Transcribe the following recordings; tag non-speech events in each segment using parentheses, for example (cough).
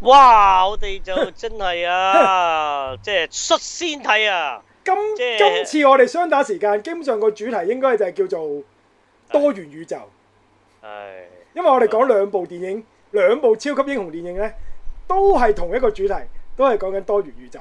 哇！我哋就真係啊， (laughs) 即係率先睇啊。咁今,即係今次我哋雙打時間，基本上個主題應該就係叫做多元宇宙。係。因為我哋講兩部電影，兩部超級英雄電影咧，都係同一個主題，都係講緊多元宇宙。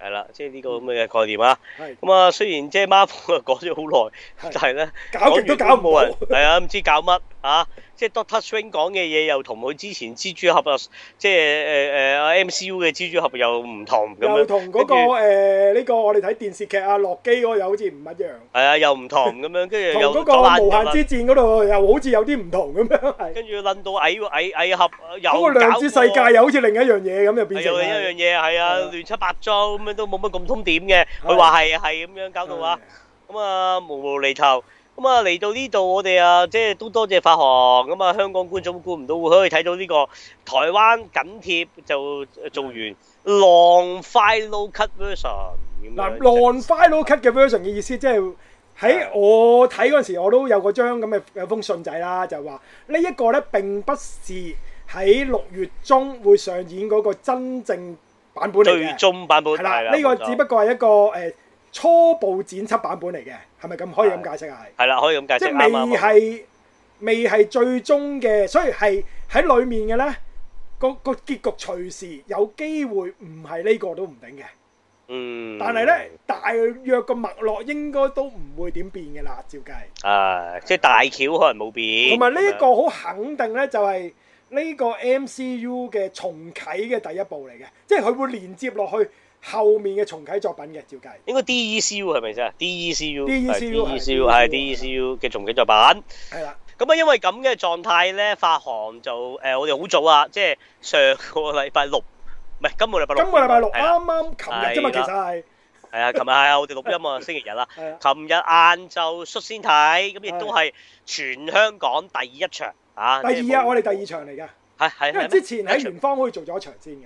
係啦，即係呢個咁嘅概念啊。咁啊，雖然即係 Marvel 講咗好耐，但係咧，搞極都搞唔到人，係啊，唔知搞乜。啊！即係 Doctor Strange 講嘅嘢又同佢之前蜘蛛俠，即係誒誒 MCU 嘅蜘蛛俠又唔同咁樣，同嗰、那個誒呢着、呃這個我哋睇電視劇啊，洛基嗰個又好似唔一樣。係啊、哎，又唔同咁樣，跟住又同嗰個無限之戰嗰度又好似有啲唔同咁樣。跟住輪到矮矮矮俠，嗰、哎、個量子世界又好似另一樣嘢咁，又變成另一樣嘢。係啊，亂、嗯、七八糟咁樣都冇乜共通點嘅。佢話係係咁樣搞到啊，咁啊、 (laughs) 嗯嗯嗯嗯嗯、無無厘頭。咁啊，嚟到呢度，我哋啊，即係都多謝發行。咁啊，香港觀眾估唔到，可以睇到呢、這個台灣緊貼就做完。的 Long file cut version 樣。嗱，long file cut 嘅 version 嘅意思，即係喺我睇嗰陣時，我都有個張咁嘅有封信仔啦，就話、這個、呢一個咧並不是喺六月中會上演嗰個真正版本最終版本。係啦，呢、這個錯只不過係一個誒。呃初步剪輯版本嚟嘅，係咪咁可以咁解釋啊？係，係啦，可以咁解，解釋，即係未係吧未係最終嘅，所以係喺裡面嘅咧，個個結局隨時有機會唔係呢個都唔定嘅。嗯，但係咧大約個脈絡應該都唔會點變嘅啦，照計。誒、啊，即係大橋可能冇變。同埋呢個好肯定咧，就係呢個 MCU 嘅重啟嘅第一步嚟嘅，即係佢會連接落去。後面嘅重啟作品嘅，照計應該 D E C U 係咪先啊？D E C U 係 D E C U 嘅重啟作品係啦。咁啊，因為咁嘅狀態咧，發行就誒，我哋好早啊，即係上個禮拜六，唔係今個禮拜六，今個禮拜六啱啱琴日啫嘛，其實係係啊，琴日係啊，我哋錄音啊，星期日啦。琴日晏晝率先睇，咁亦都係全香港第一場啊。第二啊，我哋第二場嚟㗎，係係因為之前喺元芳可以做咗一場先嘅。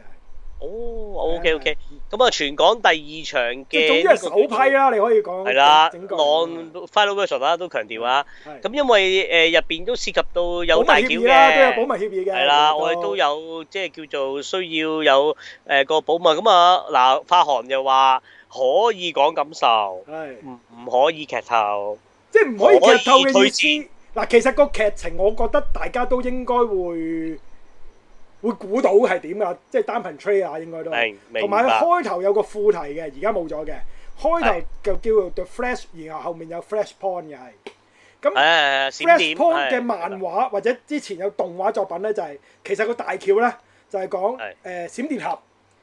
哦，OK OK，咁啊，全港第二場嘅，即係總之首批啦，你可以講。係啦，Long Final Version 啦，都強調啊。係。咁因為誒入邊都涉及到有大橋嘅，都有保密協議嘅。係啦，我哋都有即係叫做需要有誒個保密。咁啊，嗱，發行又話可以講感受，唔唔可以劇透。即係唔可以劇透嘅意思。嗱，其實個劇情，我覺得大家都應該會。會估到係點噶？即係單憑 trailer 應該都明明。同埋開頭有個副題嘅，而家冇咗嘅。開頭就叫做 The Flash，然後後面有 Flashpoint 嘅係咁。誒、嗯嗯、Flashpoint 嘅漫畫、嗯、或者之前有動畫作品咧，就係、是、其實個大橋咧就係、是、講誒、嗯呃、閃電俠，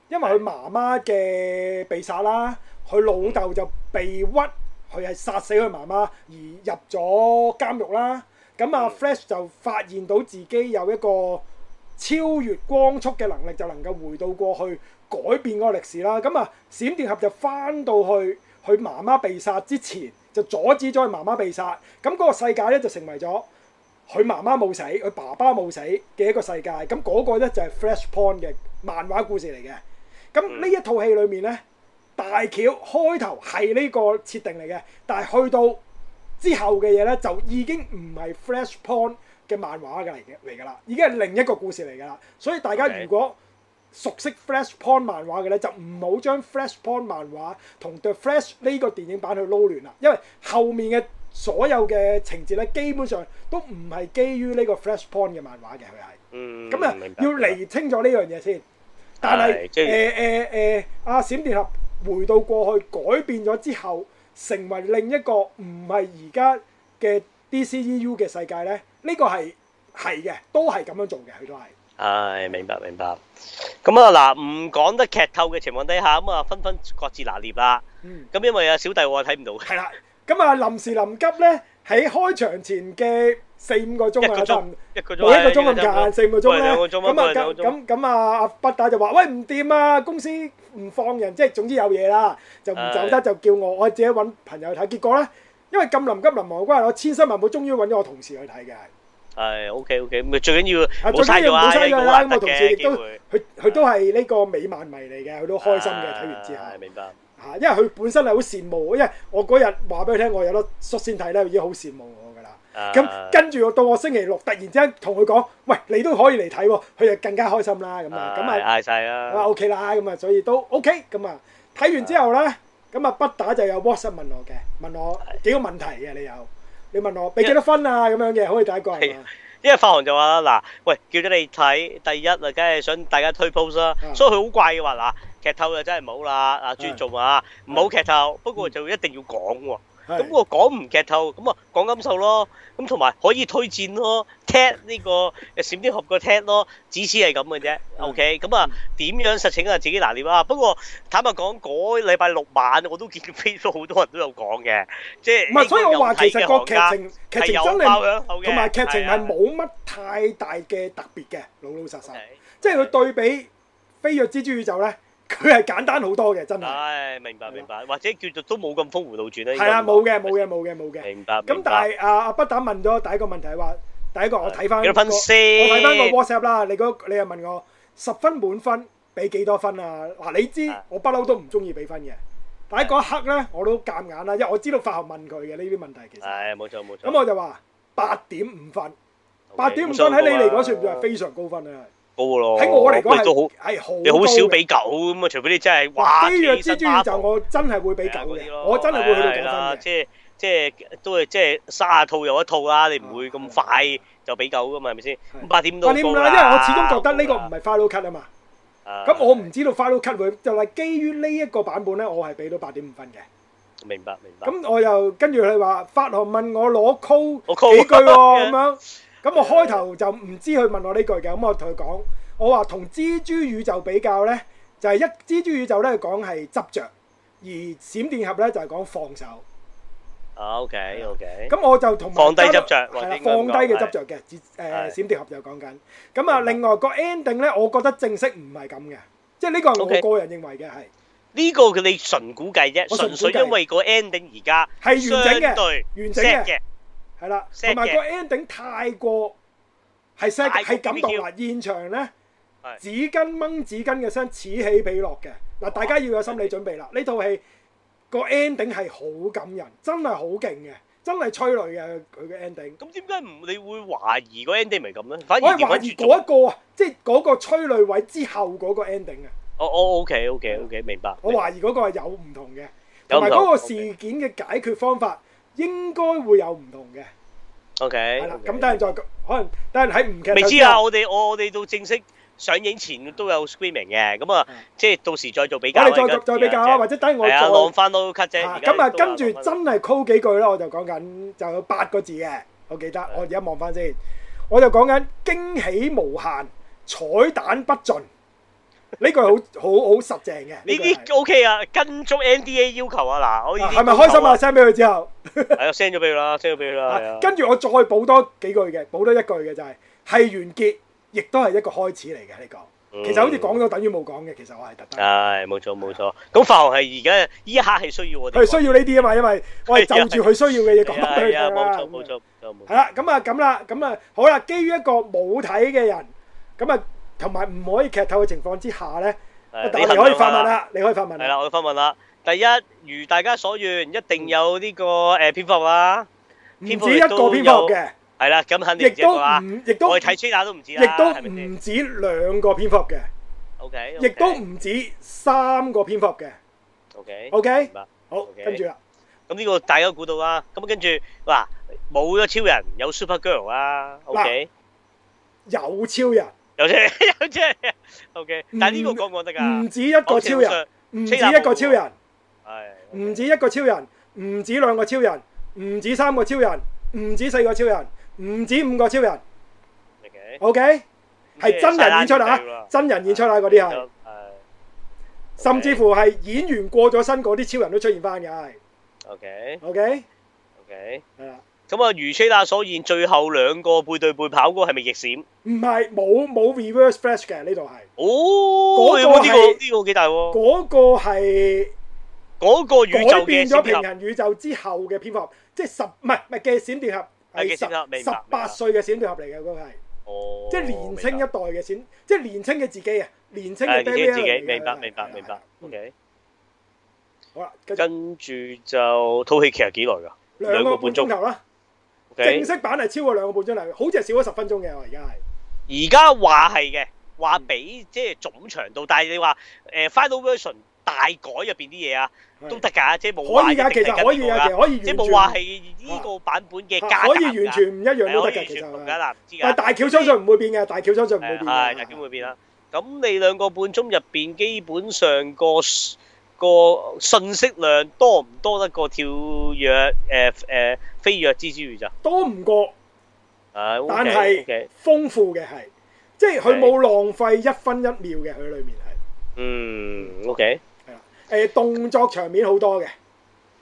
因為佢媽媽嘅被殺啦，佢老豆就被屈，佢係殺死佢媽媽而入咗監獄啦。咁阿、啊、Flash 就發現到自己有一個。超越光速嘅能力，就能夠回到過去改變個歷史啦。咁啊，閃電俠就翻到去佢媽媽被殺之前，就阻止咗佢媽媽被殺。咁個世界咧就成為咗佢媽媽冇死，佢爸爸冇死嘅一個世界。咁嗰個咧就係 Flashpoint 嘅漫畫故事嚟嘅。咁呢一套戲裏面咧，大橋開頭係呢個設定嚟嘅，但係去到之後嘅嘢咧就已經唔係 Flashpoint。嘅漫畫嘅嚟嘅嚟㗎啦，已經係另一個故事嚟㗎啦。所以大家如果熟悉 Flashpoint 漫畫嘅咧，就唔好將 Flashpoint 漫畫同 The Flash 呢個電影版去撈亂啦。因為後面嘅所有嘅情節咧，基本上都唔係基於呢個 Flashpoint 嘅漫畫嘅。佢係咁啊。明白，要釐清咗呢樣嘢先。但係誒誒誒，阿、呃呃呃、閃電俠回到過去改變咗之後，成為另一個唔係而家嘅 DCEU 嘅世界咧。呢個係係嘅，都係咁樣做嘅，佢都係。係，明白明白。咁啊嗱，唔講得劇透嘅情況底下，咁啊分分各自拿捏啦。嗯。咁因為阿小弟我睇唔到。係啦。咁啊臨時臨急咧，喺開場前嘅四五個鐘啊，一分，一個鐘啊，一個鐘咁長，四五個鐘咧。兩個鐘啊，兩個鐘啊，兩個鐘。咁咁咁啊，阿不打就話：喂，唔掂啊，公司唔放人，即係總之有嘢啦，就唔走得，就叫我，我自己揾朋友去睇。結果咧，因為咁臨急臨忙嘅關係，我千辛萬苦終於揾咗我同事去睇嘅。係，OK，OK，最緊要冇嘥噶啦，冇嘥噶啦。咁我同事亦都，佢佢都係呢個美漫迷嚟嘅，佢都開心嘅。睇、啊、完之後，明白。吓，因為佢本身係好羨慕，因為我嗰日話俾佢聽，我有得率先睇咧，佢已經好羨慕我噶啦。咁跟住我到我星期六，突然之間同佢講，喂，你都可以嚟睇，佢就更加開心啦。咁啊，咁啊，嗌晒啦，OK 啦，咁啊，所以都 OK。咁啊，睇完之後咧，咁啊，不打、啊、就有 WhatsApp 問我嘅，問我幾個問題嘅，你有。你問我俾幾多分啊？咁樣嘅，可以第一個啊！是吧因為發行就話啦，嗱，喂，叫咗你睇，第一啊，梗係想大家推 post 啦，嗯、所以佢好怪嘅話嗱，劇透就真係唔好啦，啊，尊重啊，唔好、嗯、劇透，嗯、不過就一定要講喎、啊。咁是我講唔劇透，咁啊講感受咯，咁同埋可以推薦咯，聽呢、呢個閃電俠個聽咯，只此係咁嘅啫。OK，咁啊點樣實情啊自己拿捏啊？不過坦白講，嗰禮拜六晚我都見飛都好多人都有講嘅，即係唔係？所以我話其實個劇情劇情真係同埋劇情係冇乜太大嘅特別嘅，老老實實。即係佢對比飛躍蜘蛛宇宙咧。佢係簡單好多嘅，真係。唉，明白明白，或者叫做都冇咁豐富路轉咧。係啊，冇嘅，冇嘅，冇嘅，冇嘅。明白。咁但係啊，阿不打問咗第一個問題係話，第一個我睇翻個，我睇翻個 WhatsApp 啦。你你又問我十分滿分俾幾多分啊？嗱，你知我不嬲都唔中意俾分嘅，但喺嗰一刻呢，我都夾硬啦，因為我知道法學問佢嘅呢啲問題其實。係冇錯冇錯。咁我就話八點五分，八點五分喺你嚟講算唔算係非常高分啊？」喺我嚟講係好，你好少俾狗。咁啊！除非你真係話啲弱之豬，就我真係會俾狗嘅，我真係會去到九分，即係即係都係即係三啊套又一套啦，你唔會咁快就俾狗噶嘛，係咪先？八點到，分。八點因為我始終覺得呢個唔係 final cut 啊嘛。咁我唔知道 final cut 佢，就係基於呢一個版本咧，我係俾到八點五分嘅。明白明白。咁我又跟住佢話，法學問我攞 call 幾句喎咁樣。咁我開頭就唔知佢問我呢句嘅，咁我同佢講，我話同蜘蛛宇宙比較咧，就係一蜘蛛宇宙咧講係執著，而閃電俠咧就係講放手。啊，OK OK。咁我就同放低執著，係啦，放低嘅執著嘅，誒閃電俠就講緊。咁啊，另外個 ending 咧，我覺得正式唔係咁嘅，即係呢個係我個人認為嘅，係呢個佢哋純估計啫，純粹因為個 ending 而家係完整嘅，對，完整嘅。係啦，同埋 Sad 個 ending 太過係 set 係感動啦。現場咧，紙巾掹紙巾嘅聲此起彼落嘅，嗱大家要有心理準備啦。呢套戲個 ending 係好感人，真係好勁嘅，真係催淚嘅。佢嘅 ending 咁點解唔你會懷疑個 ending 唔係咁咧？反而我懷疑嗰、那、一個，即係嗰個催淚位之後嗰個 ending 啊、哦？哦，OK，OK，OK，okay, okay, okay, 明白。我懷疑嗰個係有唔同嘅，同埋嗰個事件嘅解決方法。應該會有唔同嘅。O K，係咁，等陣再講，可能等陣喺唔劇透。未知啊，我哋我哋到正式上映前都有 screening 嘅，咁啊，即係到時再做比較。我哋、嗯、在再再比較，在或者等我再攞翻 low cut 啫。咁啊，跟住、嗯、真係 call 幾句啦，我就講緊就有八個字嘅，我記得。的我而家望翻先，我就講緊驚喜無限，彩蛋不盡。呢個係好好好實淨嘅，呢啲 O K 啊，跟足 N D A 要求啊，嗱，我呢啲係咪開心啊？send 俾佢之後，係啊，send 咗俾佢啦，send 咗俾佢啦，跟住我再補多幾句嘅，補多一句嘅就係，係完結，亦都係一個開始嚟嘅。呢個，其實好似講咗等於冇講嘅，其實我係特係冇錯冇錯，咁范雄係而家依下係需要我，佢係需要呢啲啊嘛，因為我係就住佢需要嘅嘢講落去啊，冇錯冇錯冇錯，係啦，咁啊咁啦，咁啊好啦，基於一個冇睇嘅人，咁啊。同埋唔可以劇透嘅情況之下咧，但係你可以發問啊！你可以發問啊！係啦，我嘅發問啦。第一，如大家所願，一定有呢個誒蝙蝠俠啦。唔止一個蝙蝠俠嘅，係啦，咁肯定唔止一個啊！我睇 check 下都唔止啦，係咪？唔止兩個蝙蝠俠嘅。OK，亦都唔止三個蝙蝠嘅。OK，OK，明白。好，跟住啦。咁呢個大家估到啦。咁啊，跟住嗱，冇咗超人，有 Super Girl 啊。OK，有超人。有出有出嘅，O K。但呢個講唔講得噶，唔止一個超人，唔止一個超人，係，唔止一個超人，唔止兩個超人，唔止三個超人，唔止四個超人，唔止五個超人。O K，係真人演出啦，吓，真人演出啦，嗰啲係。係。甚至乎係演員過咗身嗰啲超人都出現翻嘅，係。O K，O K，O K，係啦。咁啊，如吹打所言，最後兩個背對背跑嗰個係咪逆閃？唔係，冇冇 reverse flash 嘅呢度係。哦，嗰個呢個呢個幾大喎？嗰個係嗰個宇宙變咗平行宇宙之後嘅蝙蝠俠，即係十唔係唔係嘅閃電俠係十八歲嘅閃電俠嚟嘅嗰個係。哦，即係年青一代嘅閃，即係年青嘅自己啊，年青嘅自己明白明白明白。OK。好啦，跟住就套戲劇係幾耐㗎？兩個半鐘正式版係超過兩個半鐘頭，好似係少咗十分鐘嘅。我而家係，而家話係嘅，話畀即係總長度，但係你話誒，Final version 大改入邊啲嘢啊，都得噶，即係冇話。可其實可以噶，可以。即係冇話係呢個版本嘅加可以完全唔一樣噶，可以完全唔得噶。但係大橋相信唔會變嘅，大橋相信唔會變。係大橋會變啦。咁你兩個半鐘入邊，基本上個。個信息量多唔多得過跳躍？誒、呃、誒、呃，飛躍之之馀咋？多唔過？誒，uh, okay, okay. 但係豐富嘅係，即係佢冇浪費一分一秒嘅，佢裏面係。嗯，OK。係啦，誒，動作場面好多嘅。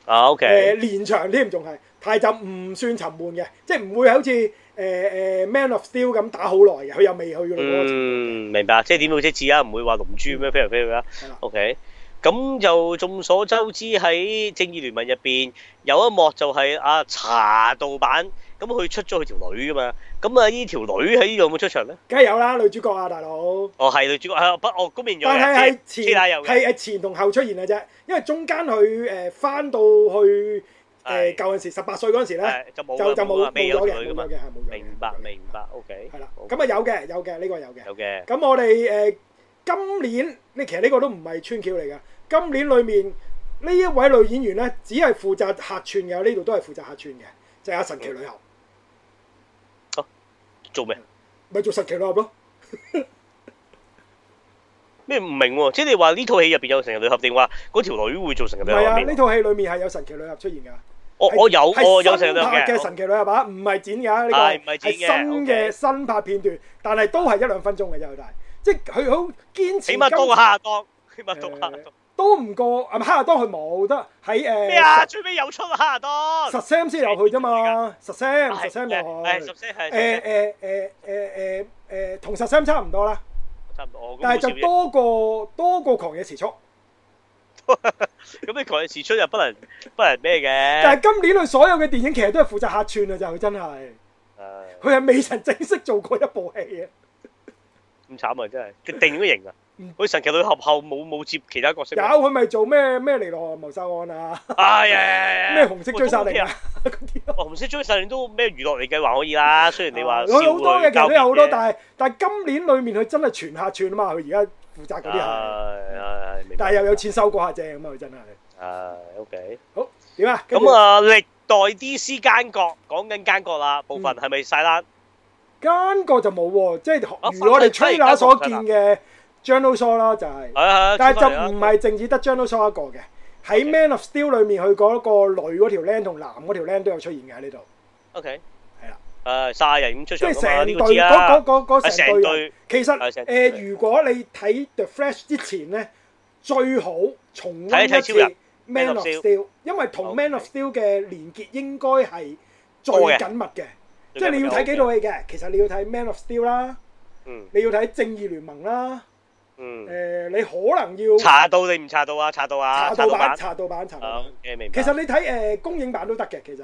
啊、uh,OK。誒、呃，連場添，仲係太就唔算沉悶嘅，即係唔會好似誒誒《Man of Steel》咁打好耐嘅，佢又未去。嗯，明白。即係點會即止啊，唔會話龍珠咩飛嚟飛去啊。OK 咁就眾所周知喺《正義聯盟》入邊有一幕就係阿查導版，咁佢出咗佢條女噶嘛？咁啊呢條女喺呢度有冇出場咧？梗係有啦，女主角啊，大佬。哦，係女主角，不哦，咁邊咗？但係係前同後出現嘅啫，因為中間佢誒翻到去誒舊陣時十八歲嗰陣時咧，就就冇冇咗嘅，冇咗。明白明白，OK。係啦，咁啊有嘅有嘅，呢個有嘅。有嘅。咁我哋誒今年，你其實呢個都唔係穿橋嚟嘅。今年裏面呢一位女演員咧，只係負責客串嘅，呢度都係負責客串嘅，就係阿神奇女俠。哦，做咩？咪做神奇女俠咯？咩唔明？即係你話呢套戲入邊有神奇女俠，定話嗰條女會做成嘅？唔係啊！呢套戲裏面係有神奇女俠出現噶。我我有，我有成日拍嘅。神奇女俠唔係剪噶，呢個係新嘅新拍片段，但係都係一兩分鐘嘅，兄弟。即係佢好堅持，起碼都下檔，起碼都下檔。都唔過，阿哈爾多佢冇得喺誒。咩啊？麼上最尾有出哈爾多。十 s 先有去啫嘛，十 s 十 m 實 Sam 有去。誒誒誒誒誒同十 s 差唔多啦。差唔多。但係就多過多過狂野時速。咁 (laughs) 你狂野時速又不能不能咩嘅？ (laughs) 但係今年佢所有嘅電影其實都係負責客串啊，就佢真係。誒、哎呃。佢係未曾正式做過一部戲嘅。慘啊！真係佢定咗型啊！佢神奇女俠後冇冇接其他角色。搞佢咪做咩咩尼羅河謀殺案啊，哎呀，咩紅色追殺令啊。紅色追殺令都咩娛樂嚟計，還可以啦。雖然你話，有好多嘅人都有好多，但係但係今年裏面佢真係全客串啊嘛！佢而家負責嗰啲係，但係又有錢收過下啫咁啊！佢真係係 OK。好點啊，咁啊，歷代 DC 奸角講緊奸角啦，部分係咪晒啦？間個就冇喎，即係如我哋吹拿所見嘅 journal show 啦，就係，但係就唔係淨止得 journal show 一個嘅，喺 Man of Steel 裏面，佢嗰個女嗰條靚同男嗰條靚都有出現嘅喺呢度。O K，係啦，誒，曬人出場即係成隊嗰嗰嗰成隊。其實誒，如果你睇 The Flash 之前咧，最好重温一次 Man of Steel，因為同 Man of Steel 嘅連結應該係最緊密嘅。即係你要睇幾套戲嘅，其實你要睇《Man of Steel》啦，嗯，你要睇《正義聯盟》啦，嗯，誒，你可能要查到，你唔查到啊？查到啊？查到版，查到版，查到版。明白。其實你睇誒公映版都得嘅，其實。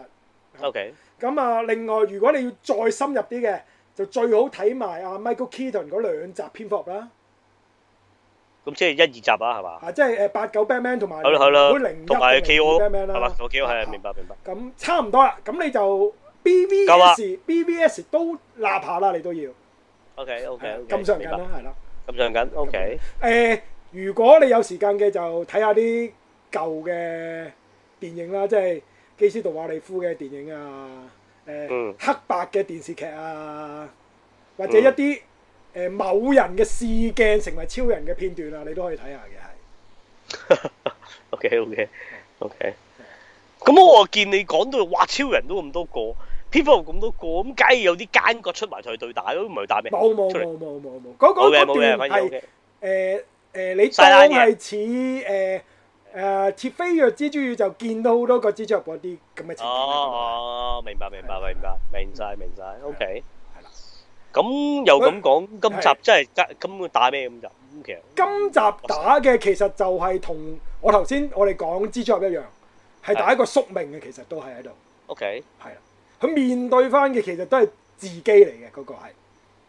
O K。咁啊，另外如果你要再深入啲嘅，就最好睇埋阿 Michael Keaton 嗰兩集蝙蝠俠啦。咁即係一二集啊，係嘛？啊，即係誒八九 Batman 同埋。h e 好零同埋 K O。Batman 啦。K O 係明白明白。咁差唔多啦，咁你就。BVS，BVS 都攬下啦，你都要。O K，O K，O K，咁上緊啦，係啦。咁上緊，O K。誒，如果你有時間嘅就睇下啲舊嘅電影啦，即係基斯杜華利夫嘅電影啊，誒，黑白嘅電視劇啊，或者一啲誒某人嘅試鏡成為超人嘅片段啊，你都可以睇下嘅，係。O K，O K，O K。咁我見你講到話超人都咁多個。蝙蝠咁多個，咁假如有啲奸角出埋去對打，咁唔係打咩？冇冇冇冇冇冇。嗰嗰一段係誒誒，你當係似誒誒似飛躍蜘蛛俠就見到好多個蜘蛛俠嗰啲咁嘅設定。哦哦，明白明白明白，明曬明曬。OK，係啦。咁又咁講，今集真係得今個打咩咁集？咁其實今集打嘅其實就係同我頭先我哋講蜘蛛俠一樣，係打一個宿命嘅，其實都係喺度。OK，係啦。佢面對翻嘅其實都係自己嚟嘅，嗰個係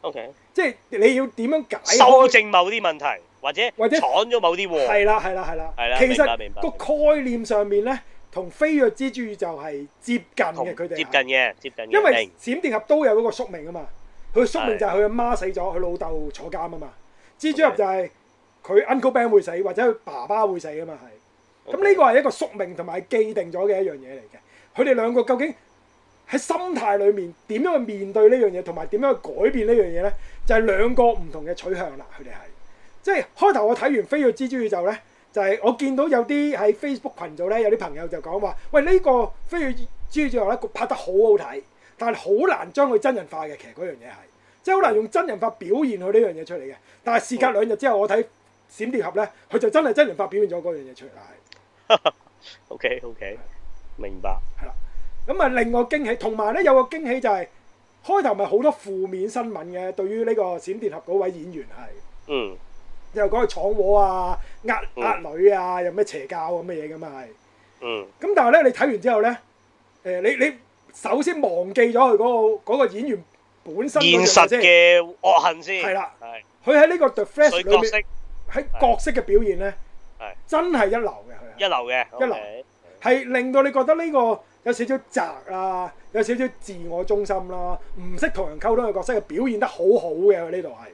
，OK，即係你要點樣解修正某啲問題，或者或者闖咗某啲禍，係啦係啦係啦，其實個概念上面咧，同飛躍蜘蛛就係接近嘅，佢哋接近嘅，接近嘅，因為閃電俠都有嗰個宿命啊嘛，佢宿命就係佢阿媽死咗，佢老豆坐監啊嘛，蜘蛛俠就係佢 Uncle Ben 會死，或者佢爸爸會死啊嘛，係，咁呢個係一個宿命同埋既定咗嘅一樣嘢嚟嘅，佢哋兩個究竟，喺心態裏面點樣去面對呢樣嘢，同埋點樣去改變呢樣嘢咧？就係兩個唔同嘅取向啦。佢哋係即係開頭我睇完《飛躍蜘蛛宇宙》咧，就係我見到有啲喺 Facebook 群組咧，有啲朋友就講話，喂呢個《飛躍蜘蛛宇宙》咧拍得好好睇，但係好難將佢真人化嘅。其實嗰樣嘢係即係好難用真人化表現佢呢樣嘢出嚟嘅。但係事隔兩日之後，我睇《閃電俠》呢咧，佢就真係真人化表現咗嗰樣嘢出嚟啦。係 (laughs) Okay, okay. 是。O K O K，明白。係啦。咁啊，另外驚喜，同埋咧有，有個驚喜就係開頭咪好多負面新聞嘅，對於呢個閃電俠嗰位演員係，嗯，又講佢闖禍啊、呃呃女啊、有咩邪教咁嘅嘢噶嘛係，嗯，咁但係咧你睇完之後咧，誒、呃、你你首先忘記咗佢嗰個嗰個演員本身現實嘅惡行先，係啦，佢喺呢個 The Flash 裏面喺的角色嘅表現咧，係真係一流嘅，一流嘅，一流，係令到你覺得呢個。okay. 有少少窄啦、啊，有少少自我中心啦、啊，唔識同人溝通嘅角色，表現得好好嘅。嗯、呢度係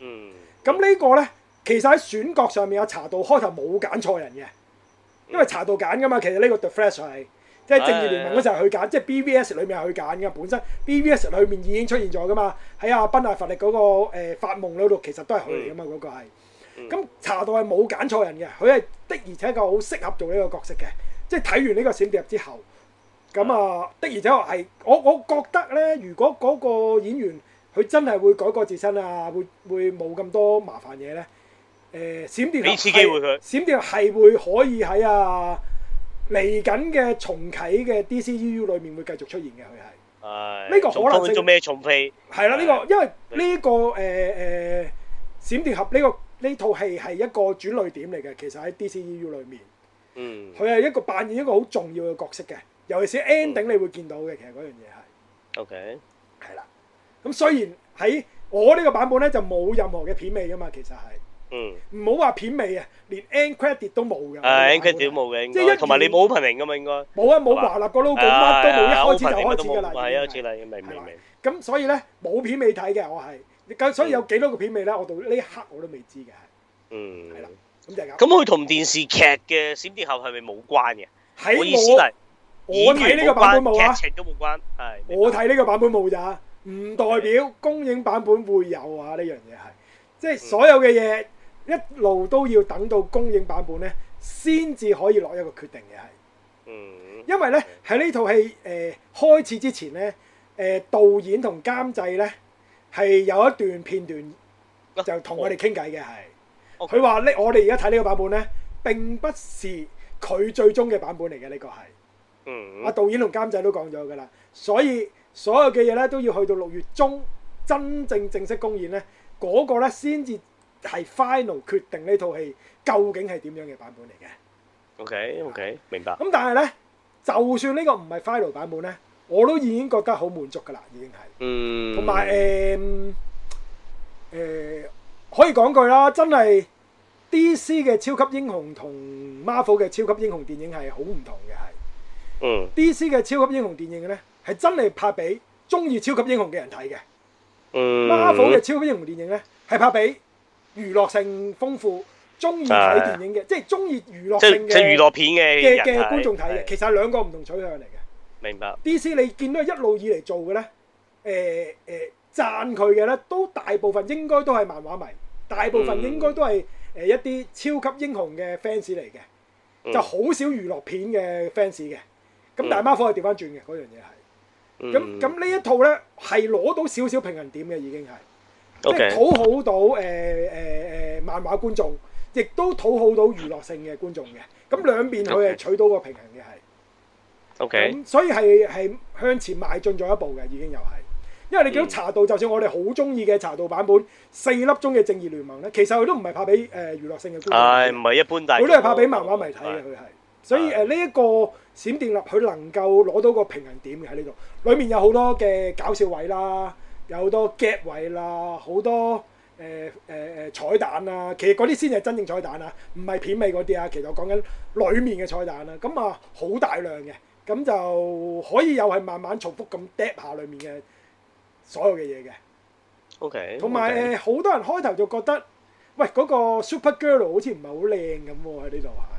嗯咁呢個咧，其實喺選角上面，阿查導開頭冇揀錯人嘅，因為查導揀噶嘛。其實呢個 The Flash 係即係《正義聯盟》時候嗰陣係佢揀，即係 BVS 裏面係佢揀嘅。本身 BVS 裏面已經出現咗噶嘛。喺阿賓阿佛力嗰、那個、呃、法發夢嗰度，其實都係佢嚟噶嘛。嗰、嗯、個係咁查導係冇揀錯人嘅，佢係的而且確好適合做呢個角色嘅。即係睇完呢個閃碟之後。咁、嗯、啊，的而且確係我，我覺得咧，如果嗰個演員佢真係會改過自身啊，會會冇咁多麻煩嘢咧。誒、呃，閃電俠，呢次機會佢。 (music) 閃電係會可以喺啊嚟緊嘅重啟嘅 DCEU 裏面會繼續出現嘅。佢係。誒、哎。呢個可能。會做咩重啟？係啦，呢、這個因為呢、這個誒誒、呃呃、閃電俠呢、這個呢套戲係一個轉捩點嚟嘅。其實喺 DCEU 裏面，嗯，佢係一個扮演一個好重要嘅角色嘅。尤其是 ending，你會見到嘅，其實嗰樣嘢係。O K。係啦。咁雖然喺我呢個版本咧，就冇任何嘅片尾噶嘛，其實係。嗯。唔好話片尾啊，連 end credit 都冇嘅。誒，end credit 冇嘅，應該。即係一，同埋你冇片名噶嘛，應該。冇啊！冇華納個 logo 乜都冇，一開始就開始㗎啦。冇啊！一開始你未未明。咁所以咧冇片尾睇嘅，我係。咁所以有幾多個片尾咧？我到呢刻我都未知嘅。嗯。係啦。咁就係。咁佢同電視劇嘅《閃電俠》係咪冇關嘅？我意思係。我睇呢個版本冇啊，情都冇關。係，我睇呢個版本冇咋，啊，唔代表公映版本會有啊。呢樣嘢係，即係所有嘅嘢一路都要等到公映版本咧，先至可以落一個決定嘅係。嗯。因為咧喺呢套戲誒開始之前咧，誒、呃、導演同監製咧係有一段片段就同、哦 okay. 我哋傾偈嘅係。佢話咧我哋而家睇呢個版本咧，並不是佢最終嘅版本嚟嘅呢個係。嗯，阿導演同監製都講咗噶啦，所以所有嘅嘢咧都要去到六月中真正正式公演咧，嗰個咧先至係 final 決定呢套戲究竟係點樣嘅版本嚟嘅。OK OK，明白。咁但係咧，就算呢個唔係 final 版本咧，我都已經覺得好滿足噶啦，已經係。嗯，同埋誒誒，可以講句啦，真係 DC 嘅超級英雄同 Marvel 嘅超級英雄電影係好唔同嘅係。Mm hmm. D.C. 嘅超級英雄電影嘅咧，係真係拍俾中意超級英雄嘅人睇嘅。Marvel、mm、嘅、hmm. 超級英雄電影咧，係拍俾娛樂性豐富、中意睇電影嘅，mm hmm. 即係中意娛樂性即係娛樂片嘅嘅觀眾睇嘅。的其實係兩個唔同取向嚟嘅。明白。D.C. 你見到一路以嚟做嘅咧，誒誒贊佢嘅咧，都、呃、大部分應該都係漫畫迷，大部分應該都係誒一啲超級英雄嘅 fans 嚟嘅，mm hmm. 就好少娛樂片嘅 fans 嘅。Mm hmm. 咁大媽火係調翻轉嘅，嗰樣嘢係。咁咁呢一套咧係攞到少少平衡點嘅，已經係，即係討好到誒誒誒漫畫觀眾，亦都討好到娛樂性嘅觀眾嘅。咁兩邊佢係取到個平衡嘅係。O K。咁所以係係向前邁進咗一步嘅，已經又係。因為你見到茶道，就算我哋好中意嘅茶道版本，四粒鐘嘅正義聯盟咧，其實佢都唔係拍俾誒娛樂性嘅觀眾，係唔係一般大？佢都係拍俾漫畫迷睇嘅，佢係。所以誒呢一個閃電俠，佢能夠攞到個平衡點嘅喺呢度。裏面有好多嘅搞笑位啦，有好多 gap 位啦，好多誒誒誒彩蛋啊。其實嗰啲先係真正彩蛋啊，唔係片尾嗰啲啊。其實我講緊裏面嘅彩蛋啊。咁啊，好大量嘅，咁就可以又係慢慢重複咁 drop 下裏面嘅所有嘅嘢嘅。OK。同埋好多人開頭就覺得，喂嗰個 Super Girl 好似唔係好靚咁喎，喺呢度啊。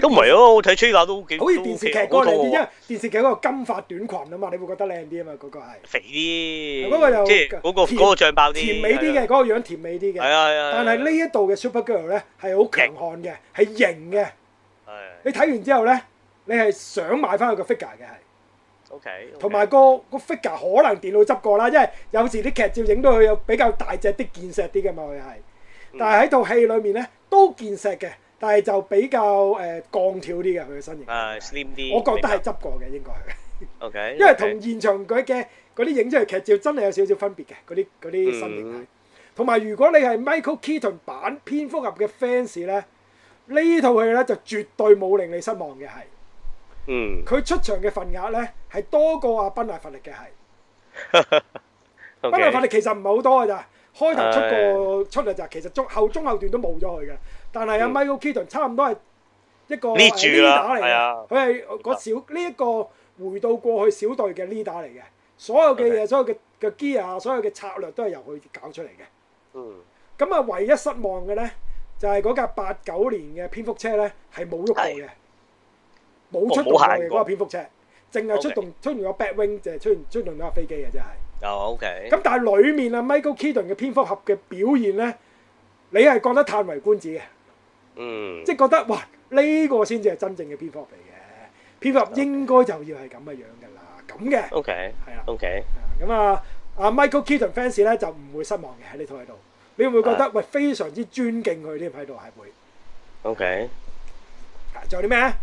都唔係咯，我睇崔娜都幾，好似電視劇嗰個，你知啊？電視劇嗰個金髮短裙啊嘛，你會覺得靚啲啊嘛，嗰、那個係肥啲，嗰個又即係嗰、那個嗰個脹爆啲，甜美啲嘅，嗰的個樣甜美啲嘅。係啊係啊！但係呢一度嘅 Super Girl 咧係好強悍嘅，係型嘅。係的你睇完之後咧，你係想買翻佢個 figure 嘅係。OK。同埋個個 figure 可能電腦執過啦，因為有時啲劇照影到佢有比較大隻啲健碩啲嘅嘛，佢係。嗯、但係喺套戲裡面咧都健碩嘅。但係就比較誒鋼條啲嘅佢嘅身形，uh, slim 啲,我覺得係執過嘅白應該係。OK，因為同現場佢嘅嗰啲影出嚟劇照真係有少少分別嘅嗰啲啲身形係。同埋、嗯、如果你係 Michael Keaton 版蝙蝠俠嘅 fans 咧，呢套戲咧就絕對冇令你失望嘅係。嗯。佢出場嘅份額咧係多過阿賓亞佛力嘅係。賓亞佛力其實唔係好多㗎咋，開頭出過出嚟就其實中後中後段都冇咗佢嘅。但係阿 Michael Keaton 差唔多係一個 leader 嚟嘅，佢係個小呢一個回到過去小隊嘅 leader 嚟嘅，所有嘅嘢，所有嘅嘅 gear，所有嘅策略都係由佢搞出嚟嘅。嗯，咁啊，唯一失望嘅咧，就係嗰架八九年嘅蝙蝠車咧，係冇喐過嘅，冇出動過嘅嗰個蝙蝠車，淨係出動出完個 Batwing，即係出完出動架飛機嘅，真係。哦，OK。咁但係裏面啊，Michael Keaton 嘅蝙蝠俠嘅表現咧，你係覺得嘆為觀止嘅？嗯，即係覺得哇，呢個先至係真正嘅蝙蝠嚟嘅，蝙蝠應該就要係咁嘅樣㗎啦，咁嘅，OK，係啊，OK，咁啊，阿 Michael Keaton fans 咧就唔會失望嘅喺呢套喺度，你會唔會覺得喂非常之尊敬佢添喺度係會，OK，仲有啲咩啊？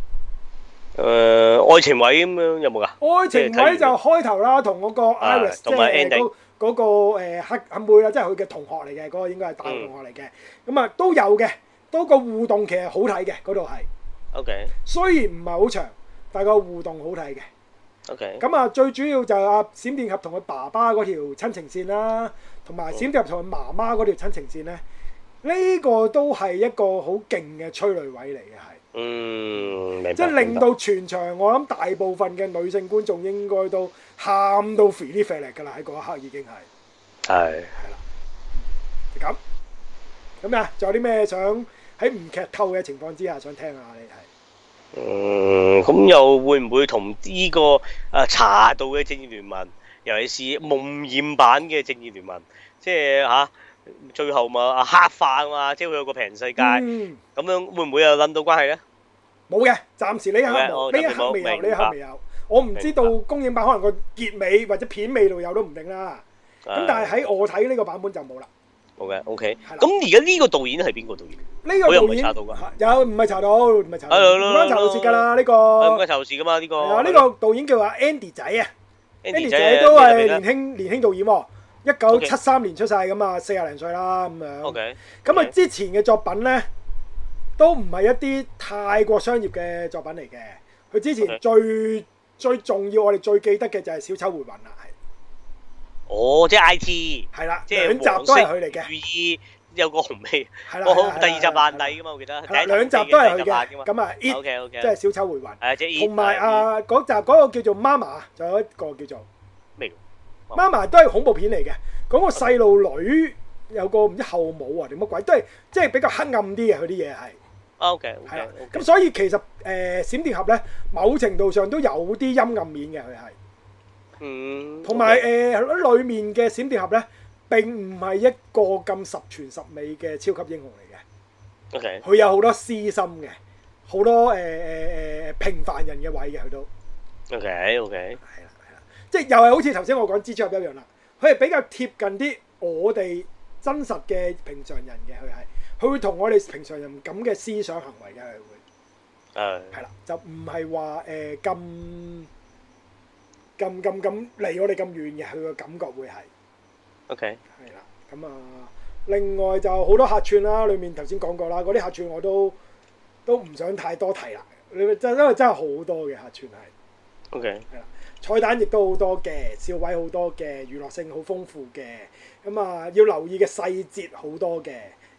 誒，愛情位咁樣有冇㗎？愛情位就開頭啦，同嗰個 Iris，即係 ending 嗰個誒黑黑妹啦，即係佢嘅同學嚟嘅，嗰個應該係大學同學嚟嘅，咁啊都有嘅。嗰個互動其實好睇嘅，嗰度係，OK，雖然唔係好長，但係個互動好睇嘅，OK，咁啊，最主要就係啊閃電俠同佢爸爸嗰條親情線啦，同埋閃電俠同佢媽媽嗰條親情線咧，呢個都係一個好勁嘅催淚位嚟嘅，係，嗯，明白，即係令到全場，我諗大部分嘅女性觀眾應該都喊到肥啲肥力噶啦，喺嗰一刻已經係，係，係啦，咁，咁啊，仲有啲咩想？喺唔劇透嘅情況之下，想聽下、啊、你睇、嗯。嗯咁又會唔會同呢、呢個啊查到嘅《正義聯盟》，尤其是夢魘版嘅《正義聯盟》即，即係吓，最後嘛黑化嘛，即係佢有個平世界咁、嗯、樣，會唔會有諗到關係咧？冇嘅，暫時你一刻呢一刻未有，呢一我刻未有，有。我唔知道公映版可能個結尾或者片尾都有都唔定啦。咁但係喺我睇呢個版本就冇啦。好嘅，OK。咁而家呢個導演係邊個導演？呢個導演又唔查到噶，有唔係查到，唔係查，唔該到噶啦呢個。唔該查到事噶嘛呢個？呢個導演叫阿 Andy 仔啊，Andy 仔都係年輕年輕導演，一九七三年出世噶嘛，四廿零歲啦咁樣。OK。咁啊，佢之前嘅作品咧，都唔係一啲太過商業嘅作品嚟嘅。佢之前最最重要，我哋最記得嘅就係《小丑回魂》啦。哦，即係 IT，係啦，即係兩集都係佢嚟嘅，寓意有個紅尾，係啦，好第二集扮禮噶嘛，我記得係兩集都係佢嘅，咁啊，OK，OK，即係小丑回魂，同埋啊嗰集嗰個叫做 Mama，仲有一個叫做咩，Mama 都係恐怖片嚟嘅，嗰個細路女有個唔知後母啊定乜鬼，都係即係比較黑暗啲嘅佢啲嘢係，OK，係啦，咁所以其實誒閃電俠咧，某程度上都有啲陰暗面嘅佢係。嗯，同埋誒，裏面嘅閃電俠咧，並唔係一個咁十全十美嘅超級英雄嚟嘅。O K，佢有好多私心嘅，好多誒誒誒平凡人嘅位嘅佢都。O K，O K，係啦係啦，即係又係好似頭先我講蜘蛛俠一樣啦，佢係比較貼近啲我哋真實嘅平常人嘅佢係，佢會同我哋平常人咁嘅思想行為嘅佢會，誒，係啦，就唔係話誒咁。呃咁咁咁離我哋咁遠嘅，佢個感覺會係，OK，係啦，咁啊，另外就好多客串啦，裏面頭先講過啦，嗰啲客串我都都唔想太多提啦，你就因為真係好多嘅客串係，OK，係啦，彩蛋亦都好多嘅，笑位好多嘅，娛樂性好豐富嘅，咁啊要留意嘅細節好多嘅，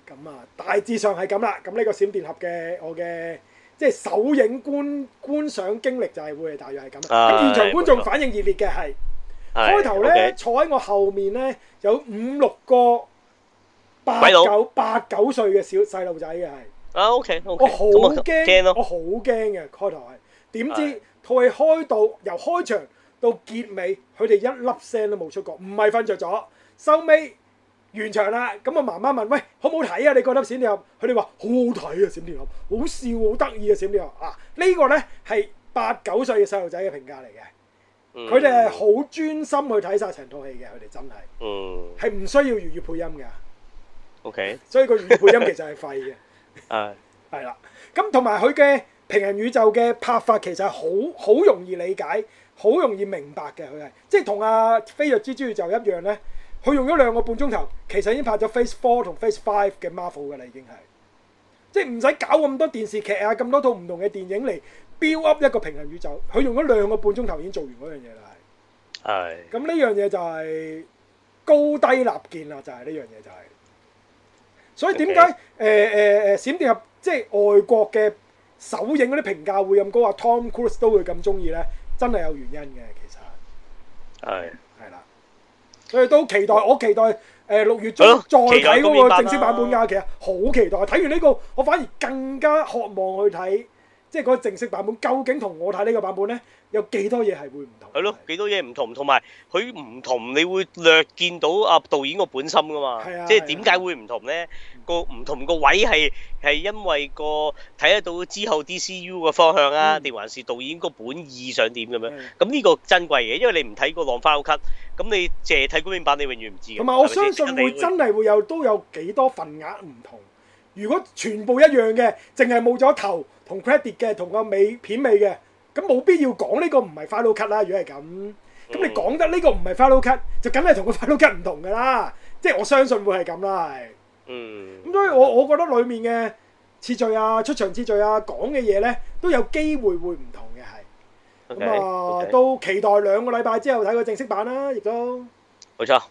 咁啊大致上係咁啦，咁呢個閃電俠嘅我嘅。即係首映觀觀賞經歷就係會係，大約係咁。喺、啊、現場觀眾反應熱烈嘅係開頭咧，呢 okay. 坐喺我後面咧有五六個八九八九歲嘅小細路仔嘅係啊。O K，我好驚，我，我好驚嘅開頭係點知佢、啊、套戲開到由開場到結尾，佢哋一粒聲都冇出過，唔係瞓着咗收尾。完場啦，咁啊，媽媽問：喂，好唔好睇啊？你覺得閃電俠，佢哋話好好睇啊！閃電俠好笑，好得意啊！閃電俠啊，呢個咧係八九歲嘅細路仔嘅評價嚟嘅，佢哋係好專心去睇晒成套戲嘅，佢哋真係，係唔需要粵語配音嘅。OK，所以佢粵語配音其實係廢嘅。誒，係啦，咁同埋佢嘅《平行宇宙》嘅拍法其實係好好容易理解、好容易明白嘅。佢係即係同《阿飛躍蜘蛛就一樣咧。佢用咗兩個半鐘頭，其實已經拍咗 Phase Four 同 Phase Five 嘅 Marvel 噶啦，已經係即係唔使搞咁多電視劇啊，咁多套唔同嘅電影嚟 build up 一個平行宇宙。佢用咗兩個半鐘頭已經做完嗰樣嘢啦，係。係。咁呢樣嘢就係高低立見啦，就係、是、呢樣嘢就係、是。所以點解誒誒誒閃電俠即係外國嘅首映嗰啲評價會咁高啊？Tom Cruise 都會咁中意咧，真係有原因嘅其實。係。我哋都期待，我期待六月中再睇嗰個正式版本㗎、啊，其實好期待。睇完呢、這個，我反而更加渴望去睇，即係嗰個正式版本究竟同我睇呢個版本咧。有幾多嘢係會唔同,同？係咯，幾多嘢唔同，同埋佢唔同，你會略見到啊導演個本心㗎嘛？係啊的！即係點解會唔同咧？個唔、嗯、同個位係係因為、個睇得到之後 DCU 嘅方向啊，定、嗯、還是導演個本意想點咁樣？咁呢的個珍貴嘅，因為你唔睇個浪花好級，咁你淨係睇觀影版，你永遠唔知嘅。同埋我相信會真係會有都有幾多份額唔同。如果全部一樣嘅，淨係冇咗頭同 credit 嘅，同個尾片尾嘅。咁冇必要講呢個唔係 final cut 啦，如果係咁，咁你講得呢個唔係 final cut，就梗係同個 final cut 唔同㗎啦，即係我相信會係咁啦，係。嗯。咁所以我我覺得裡面嘅次序啊、出場次序啊、講嘅嘢咧都有機會會唔同嘅係。咁啊，都期待兩個禮拜之後睇個正式版啦，亦都。冇錯。